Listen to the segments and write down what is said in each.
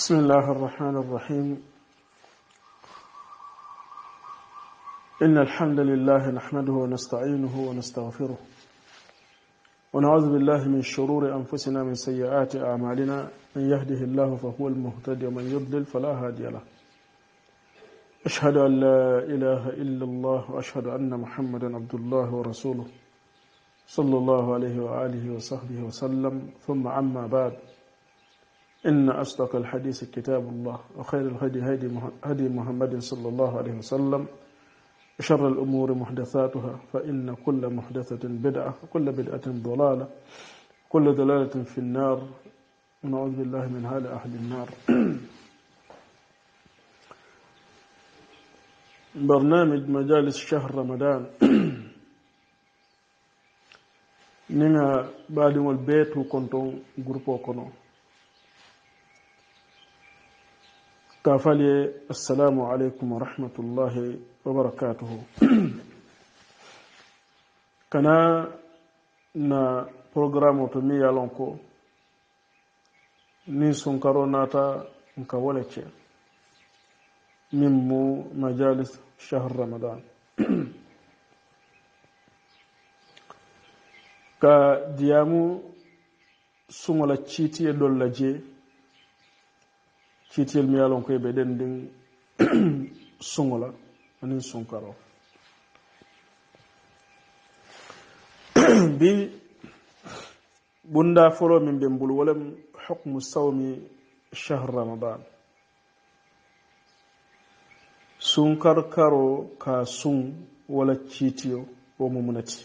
بسم الله الرحمن الرحيم إن الحمد لله نحمده ونستعينه ونستغفره ونعوذ بالله من شرور أنفسنا من سيئات أعمالنا من يهده الله فهو المهتد ومن يضلل فلا هادي له أشهد أن لا إله إلا الله وأشهد أن محمدا عبد الله ورسوله صلى الله عليه وآله وصحبه وسلم ثم عما بعد إن أصدق الحديث كتاب الله وخير الهدي هدي محمد صلى الله عليه وسلم وشر الأمور محدثاتها فإن كل محدثة بدعة وكل بدعة ضلالة كل ضلالة في النار نعوذ بالله من هال أهل النار برنامج مجالس شهر رمضان نينا بعد البيت وكنتم جروبو كنو Tafali assalamu alaykum wa rahmatullahi wa barakatuh kana na programu tumi yalonko ni sun karo nata nka walace min mu majalis shahr ramadan ka diyamu sun wala citiye dollaje fiitel mi yalon koye ɓe ɗen ndin sugola anin sunkaro mbi ɓunda folo min ɓe mbol wolem hukmu sawmi chahre ramadan sunkarkaro ka sun wala ciitiyo o mumnati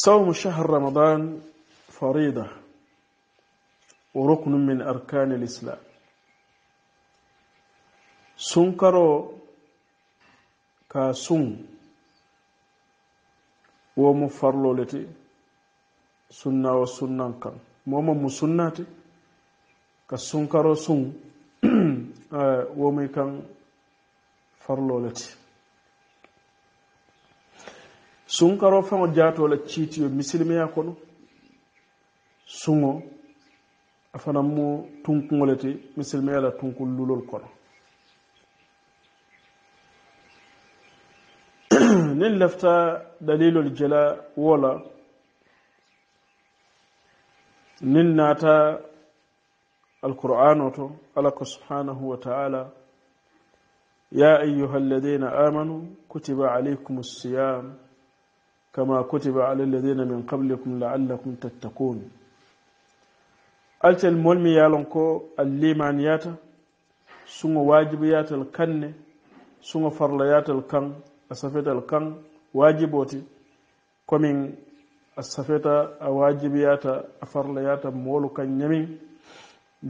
sawmu chahre ramadan farida wo roknu min arkani l islam sunkaro ka sun womo farlolete sunnawo sunnan kan momo mu sunnate ka sunkaro sun eh, womoy kan farlolete sunkaro fano jatole citiyo misilimeya kono suno afana mu tunkuŋole ti misilimiya la tunkun lulol kono nin lafta dalilol jela wo la nin naata alqur'ano to ala ko subhanahu wa taala يا أيها الذين آمنوا كتب عليكم الصيام كما كتب على الذين من قبلكم لعلكم تتقون altel molmi yaalon ko alliman yaata sugo wajibu yaatal kanne sugo farla yaatal kan a safetal kan wajiboti komin a safeta a wajibu yaata a farla yaata moolu kan ñamin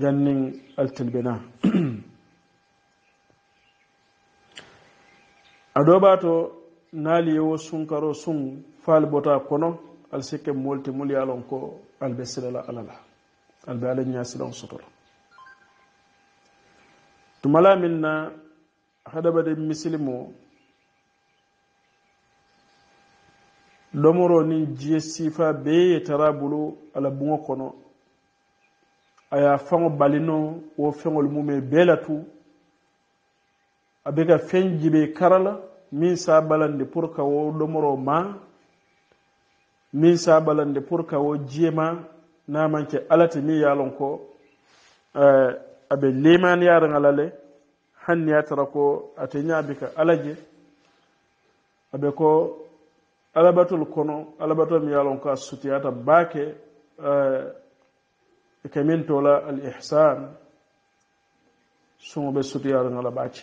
jannin altel bena aɗoɓato naali yewo sunkaro sun faalibota kono alsikke molti mul yaalon ko albesilala alala alɓe alay ñasila on sotora tum ala min na haɗaɓaɗe muslime o lomoro nin jiye sifa beye tara bulu ala bugo kono aya fango balino wo fengol mume belatu abe ka feŋ jibe karala min sabalandi pour ka wo lomoro ma min sabalandi pour ka wo jiyema namanke alati mi yalon ko eh, aɓe limani yarangalale hanni yatara ko ate ñaabi ka alaje aɓe ko alabatol kono alabatol mi yalon ko a sutiyata baake eh, e kamin tola al ihsan sogoɓe sutiyarangala baake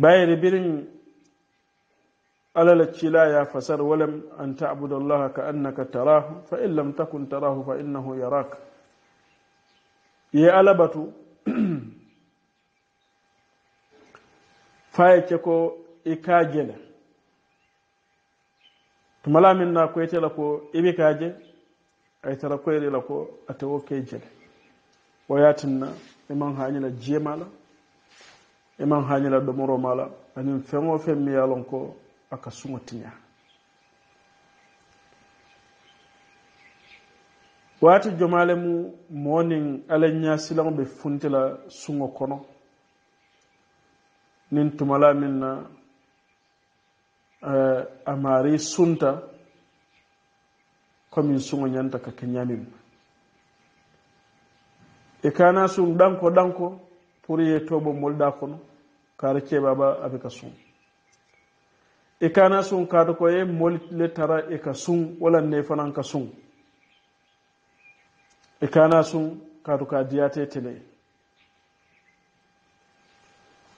bayeri birin alalacci la ya fasar walam an ta abudallaha ka annaka tarahu fa Fa'in lam takun tarahu fa innahu yaraka ya alabatu fa yake ko ikajela Tuma lamin na ko yace lako A yi tara ko yele lako atawo kejele wayatin na iman hanila jemala iman hanila domoro mala anin femo femmi yalon ko aka sugotiña waati jomale mu moonin alay ñasilaŋo ɓe funtila suŋo kono nin tumala min na uh, a maari sunta komin suŋo ñanta ka ke ñamin e kana sun ɗanko ɗanko pour ye tobo molɗa kono kaara ceeɓaɓa aɓe ka suŋo e kana sun kaata koye molle tara e ka sun walan ne fanan ka sun e kana sun kaatu ka diyate tele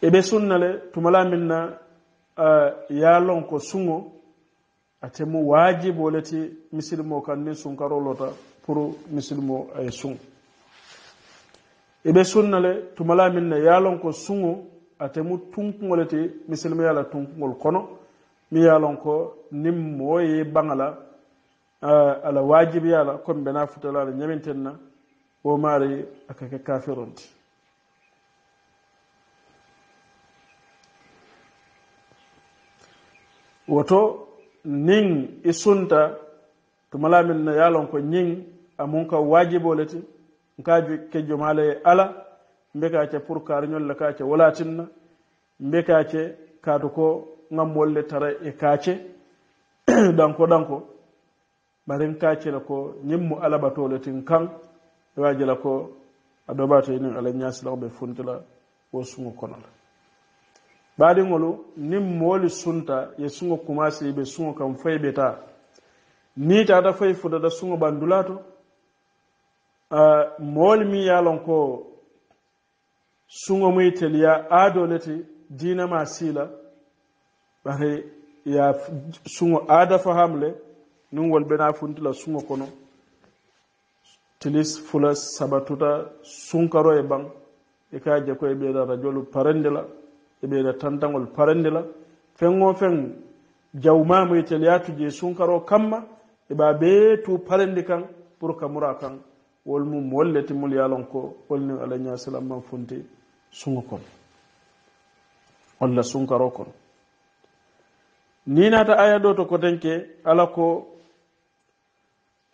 e ɓe sunnale tumala min na yalon ko sungo atemu wajibo leti misilmo kanni sunkarolota pour misilmo aye sun e ɓe sunnale tumala min na yalon ko sungo atemu tunkugoleti misilmo yala tunkugol kono mi yalon ko nim mooye baŋala ala wajibe yala comme ɓena futala ala ñaminten na o maari akake kafironti woto niŋ i sunta tumalamin na yalon ko ñiŋ amun ka wajibolete nka ju ke jomale ala mbe ka ce pour kaariñolle ka ce wolatin na mbe ka ce kaatu ko gam wolle tara e kaace ɗanko ɗanko marin kaacela ko ñimmo alaɓatole tin kan e wajila ko a doɓato e enin alah ñasilako ɓe funtila wo sugo konola ɓaɗingolu nin mooli sunta ye sugo kumasi ɓe sugo kam foye ɓe ta ni tata foye fudata sugo ɓandulato uh, mooli mi yalon ko sugo muy teliya aadoleti dinama siila ɓare ya suŋo aada fo hamle nun wol ɓena funtila suŋo kono tilis fula sabatuta sunkaro e ɓan e ka je koye ɓeeda radiolu parende la e ɓeeda e tantagol parende la fengo feng jawmamo yitel yaatu je sunkaro kamma eɓa ɓe tu parendi kan pour kamura kan wol mum molle timmol yalon ko wolni alayhi wa sallam man funti suŋo kono walla sunkaro kono ni nata aya ɗo to kotenke ala ko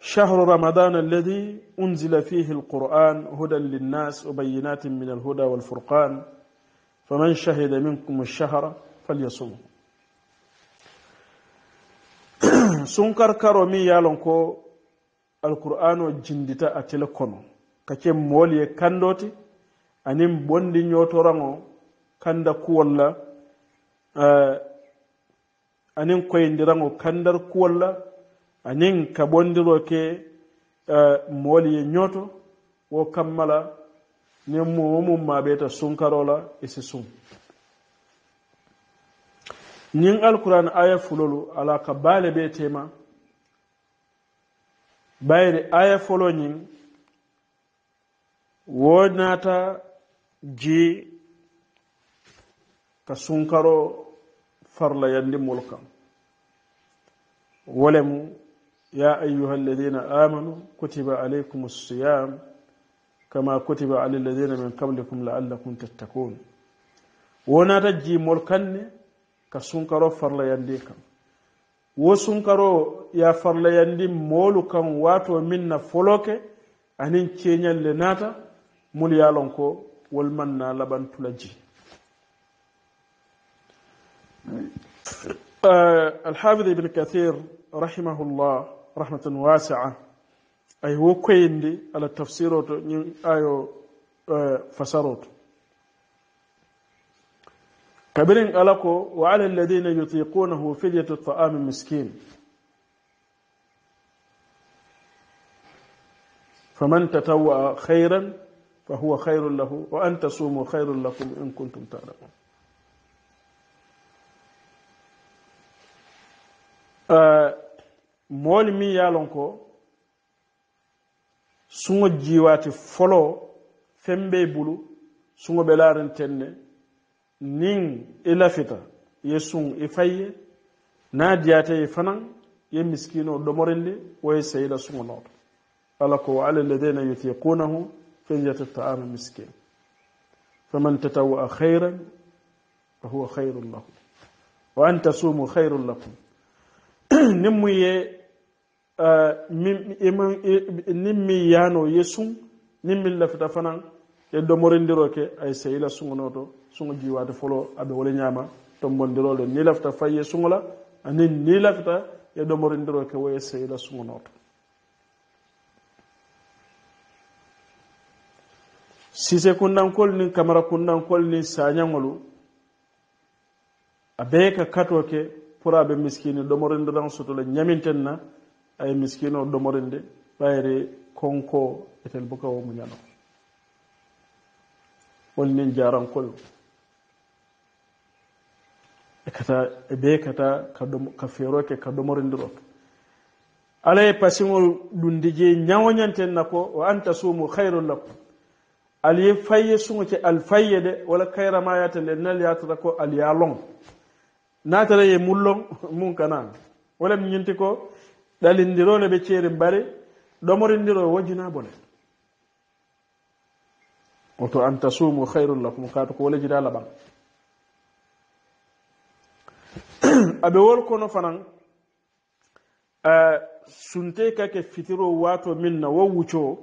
شهر رمضان الذي أنزل فيه القرآن هدى للناس وبينات من الهدى والفرقان فمن شهد منكم الشهر فليصوم سنكر كرومي يالونكو القرآن وجندتا أتلكونو كاكي مولي كاندوتي أنيم بوندي نيوتورانو كاندا كولا آه anin koyndirango kandar kuwalla anin ka ɓondiro ke uh, e, mowoli ye ñooto wo kammala nin momum ma ɓeyta sunkarola e si sum nin alquran aya fulolu ala ka baale ɓe tema bayri aya folo nin wo naata ji ka sunkaro Farla mol kan wolemu ya ayyuha alladhina amanu kutiba alaykumus siyam kama kutiba alal ladhina min qablikum laallakum tattakun wonata jimol kanne ka sunkaro yandi kan wo sunkaro ya farlayandi moolu kan wato min na foloke anin ceñalle nata mul yalon ko wol man na آه، الحافظ ابن كثير رحمه الله رحمة واسعة أي هو دي على تفسيره أي آه، فسروت كبرين ألكو وعلى الذين يطيقونه فدية الطعام المسكين فمن تتوأ خيرا فهو خير له وأن تصوموا خير لكم إن كنتم تعلمون moolu miŋ ye a loŋ ko suŋo jiiwaati foloo feŋ be i bulu suŋo be laariŋ teŋ ne niŋ i lafita ye suŋ i fay ye niŋ a diyaata ye fanaŋ ye misikiinoo domorindi wo ye sayi la suŋo nooto ala ko wa ala alladina yutiqunahu fidyatu taamu miskin faman tatawaa khayran fa huwa khayrun lahu wa an tasuumu khayrun lakum ni mu ye ni mi yano ye sun ni mi lafita fana ye domorindiro ke ay seyila sugono to sugo jiwati folo aɓe wole ñama tombondiro le ni lafita fay ye sugola ani ni lafita ye domorindiro ke woye seyila sugono to sise kundankol nin kamara kundankol nin sañagolu a ɓeye ka kato ke puraɓe miskine ɗomorinde tan sotola ñamintenna ay e miskine o ɗomorinde ɓayre konko etel boka o muñano on nin jarankoyo e kata e ɓe kata ka feroke ka ɗomorindirot alaye pasiŋol ɗundigi ñawoñanten na ko o anta suumu hayru lakum aliye fayye suŋo ce alfayye de wala kayramayatende nel yatata ko aliyalon natare ye mullon mun kanan walam ñinti ko ɗalindiro ne ɓe ceeri mbare ɗomorindiro wojjina bone oto an tasumu hayrun lakum kato ko walejida laɓan aɓe wol kono fanan sunte kake fitiro waato min na wo wuco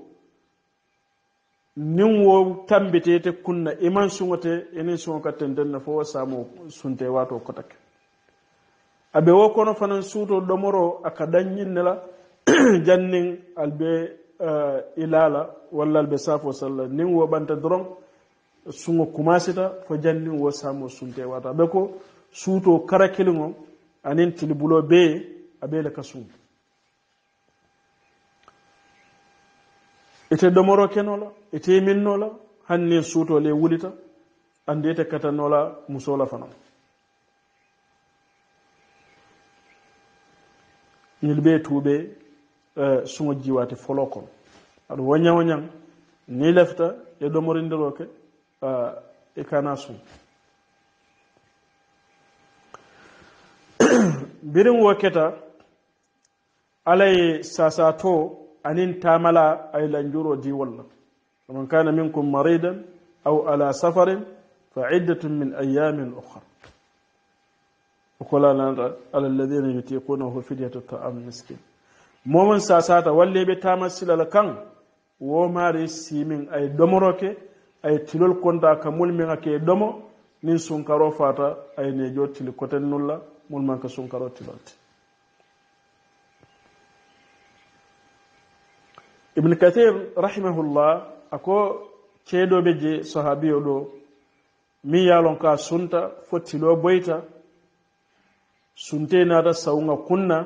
nin wo tambitete kunna iman sugote enin sugo ka tenten na fo wo samo sunte waato kotake aɓe wo kono fanan suuto ɗomoro aka dañinnela jannin albe uh, eh, ilala walla albe safo salla nin wo ɓanta doron sugo kumasita fo jannin wo samo sunte wata aɓe ko suuto karakilingo anin tilibulo be aɓe le ka sun ite ɗomoro kenola ite minnola hannin suutole wulita andi ite katanola musola fanan il ɓe tuuɓe suŋo jiwaate folo kono aɗa woña o ñaŋ ni lefta e ɗomorindiroo ke e kana suŋ birin wo keta ala ye sasato anin tamala ay lanjuro diwol la faman kana minkum maridan aw ala safarin fa iddatun min ayamin ukhra okolalanta ala alladina yutikunahu fidyata taam miskin momon sa sata walleɓe tama silal kan womari simin ay domoroke ay tilol konta ka mulmin ake domo nin sunkaro fata ay nejo tili coten nulla mulman ka sunkaro tilolte ibn kathir rahimahullah ako ceedoɓe je sahabi o ɗo min yalon ka sunta fo tilo boyta sunte naata sawuga kunna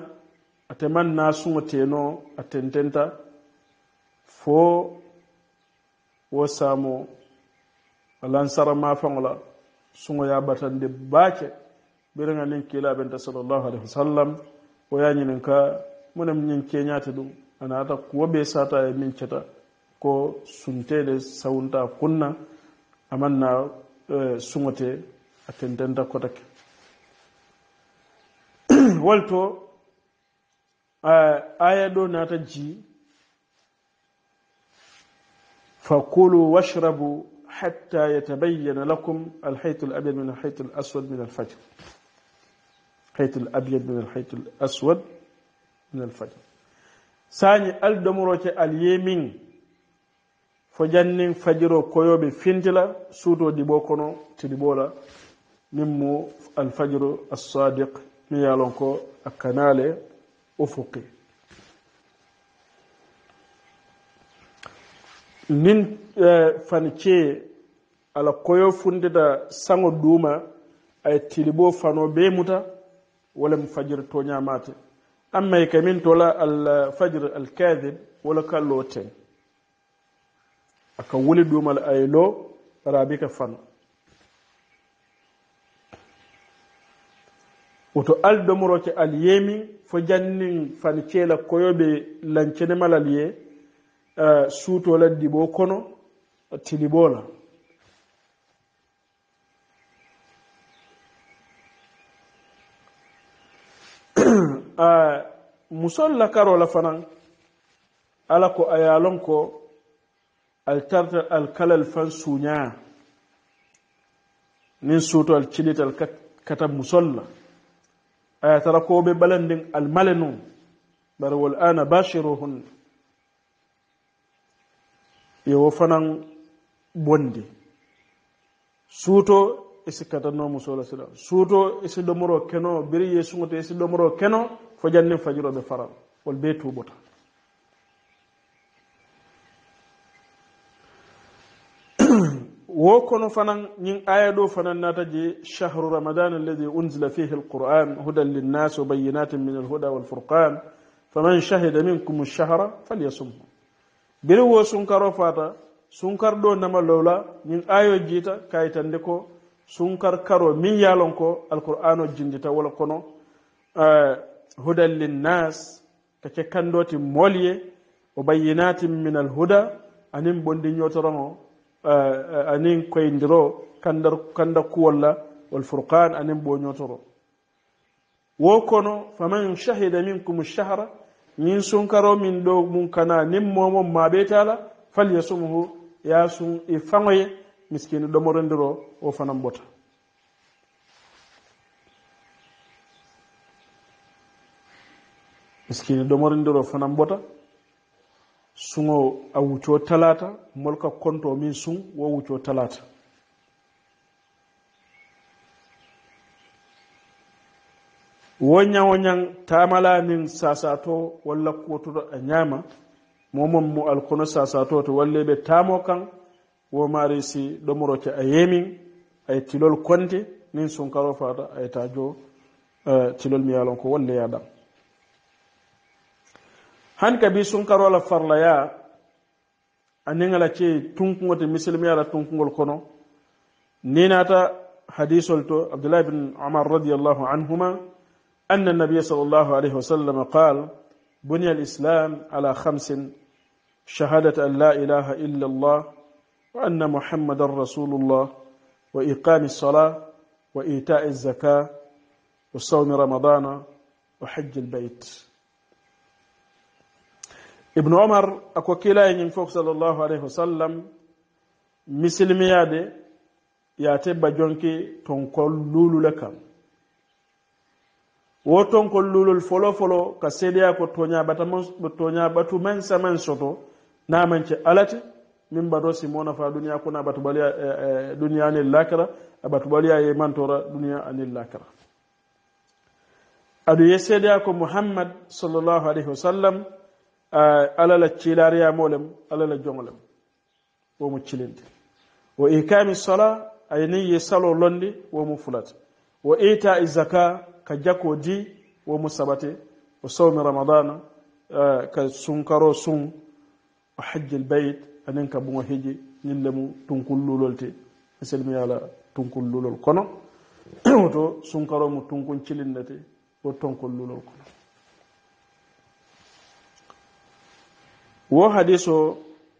atema nasuŋo teno a tententa fo wo samo alansaramafaŋo la suŋo ye batande bake biriŋa niŋ kilabenta salllahu alaihi wasallam wo ye ñininka munem ñiŋ keñate ɗum a naata kuwo be sata ye miŋ keta ko sunte de sawunta kunna amaŋ na eh, suŋo te a tententa kotake walto aya ɗo nata ji fakulu washrabu hatta yatabayyana lakum alhaytu alabyad min alhaytu alaswad min alfajr haytu alabyad min alhaytu alaswad min alfajr sañi ci alyemin fo jannin fajiro koyobe fintila suuto ɗiɓo kono tiɗiɓola bola nimmo alfajru assadiq yalon ko akanale ufuqi nin eh, fanice ala koyo fundida sango duma ay tilibo fano be muta wala mu fajir to nyamate amma e kamin tola al eh, fajr al kadhib wala kalloten aka wuli dumal aylo rabika fano woto aldomoroke alyemin fo jannin fani ceela koyoɓe lancene malal ye e, suutoladdiɓo kono tiliɓola musol lakarola fanan ala ko ayalon ko altarta alkalal fan suñaa nin suutol cilital kata musolla aya tara koɓe ɓalanndin almale nun bara wal ana bachirohun yowo fanan bonde suuto e si katanno musola sallam suuto e si ɗomoro keno biri yesugoto e si ɗomoro keno fo jannin fajiroɓe fara wol be tuɓota وكونوا فنان ين آيادو فنان نتجي شهر رمضان الذي أنزل فيه القرآن هدى للناس وبينات من الهدى والفرقان فمن شهد منكم الشهر فليصمه بلو سنكر فاتا سنكر دو نما لولا ين آيو جيتا كايتان ديكو سنكر كرو من يالونكو القرآن جنجتا ولقونو آه هدى للناس كتكندوتي مولي وبينات من الهدى أنيم بندن يوترمو anin kan kandar kanda kuwolla walfurqan anin boñotoro wo kono faman shahida minkum shahra ñin sunkaro min do mun kana nin momon tala. falyasumhu ya sun i faŋoye miskini ndiro o fanan bota miskini ɗomorondiro fanan bota suno a wuco talata mulka konto min suŋ wuco talata wo wanyan ta ñaŋ sasato walla kotu a nyama momon mu alkuna sasato ta walla be ta mokan. wo si domoro a yeemiŋ a yi tilol konte sun karo fata a yi taa jo eh, tilol miyalon ko walla ya a han kabi sunkaro la farlaya anin ala ce tunkuŋo te misilimiya la tunkuŋol kono ni naata hadisol to abdullah bin umar radiallahu anhuma أن النبي صلى الله عليه وسلم قال بني الإسلام على خمس شهادة أن لا إله إلا الله وأن محمد رسول الله وإقام الصلاة وإيتاء الزكاة وصوم رمضان وحج البيت ibnu omar ako kilayiñin fof sallllahu alayhi wa sallam misilmiyaade ya tebba jonki tonkol luulule kam wo tonkol luulol folo folo ka seeɗiya ko tooñaa batu man samen soto naamance alate min mbaɗo si monafa duniya kono a batubaliya duniya anil lakra a batubaliya ye mantora duniya anil lakra aɗu ye seeɗiya ko muhammad sallllahu alayhi wa sallam ala la cilariyamolem ala la joŋolem womu cilindi wo ikami sola ay niŋ ye salo londi womu fulata wo itai zaka ka jako di womu sabati wo sawmi ramadana ka sunkaro suŋ wo hajji lbayit aniŋ ka buŋo hiji ñiŋ lemu tunkullulol ti misilimi ye a la tunkullulol kono woto sunkaro mu tunkun cilin ne ti wo tonkullulol kono wo hadis o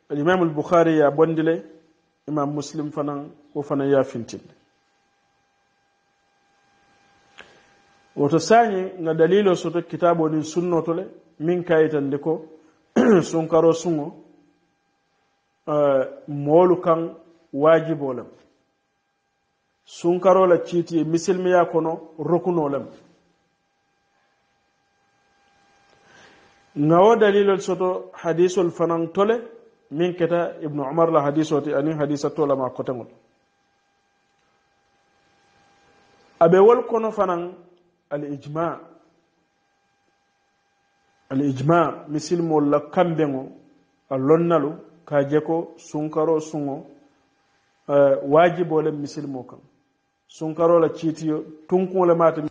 alimamu albouhari ya bondile imam muslim fanan o fana yafintinde woto sañi nga dalil o soto kitabe o nin sunnotole min kayitande ko sunkaro suŋo eh, moolu kaŋ waajibo lem sunkaro la ciiti e misilmiya kono rokunoo lem ngawo dalilol soto hadisol fanantole min keta ibnu omar la hadise oti anin hadisa tolama kotengol aɓe wol kono fanan al ijma al ijma misilmol la kamɓengo a lonnalu ka je ko sunkaro sungo eh, wajibole misilmo kan sunkarola ciitiyo tunkugole mate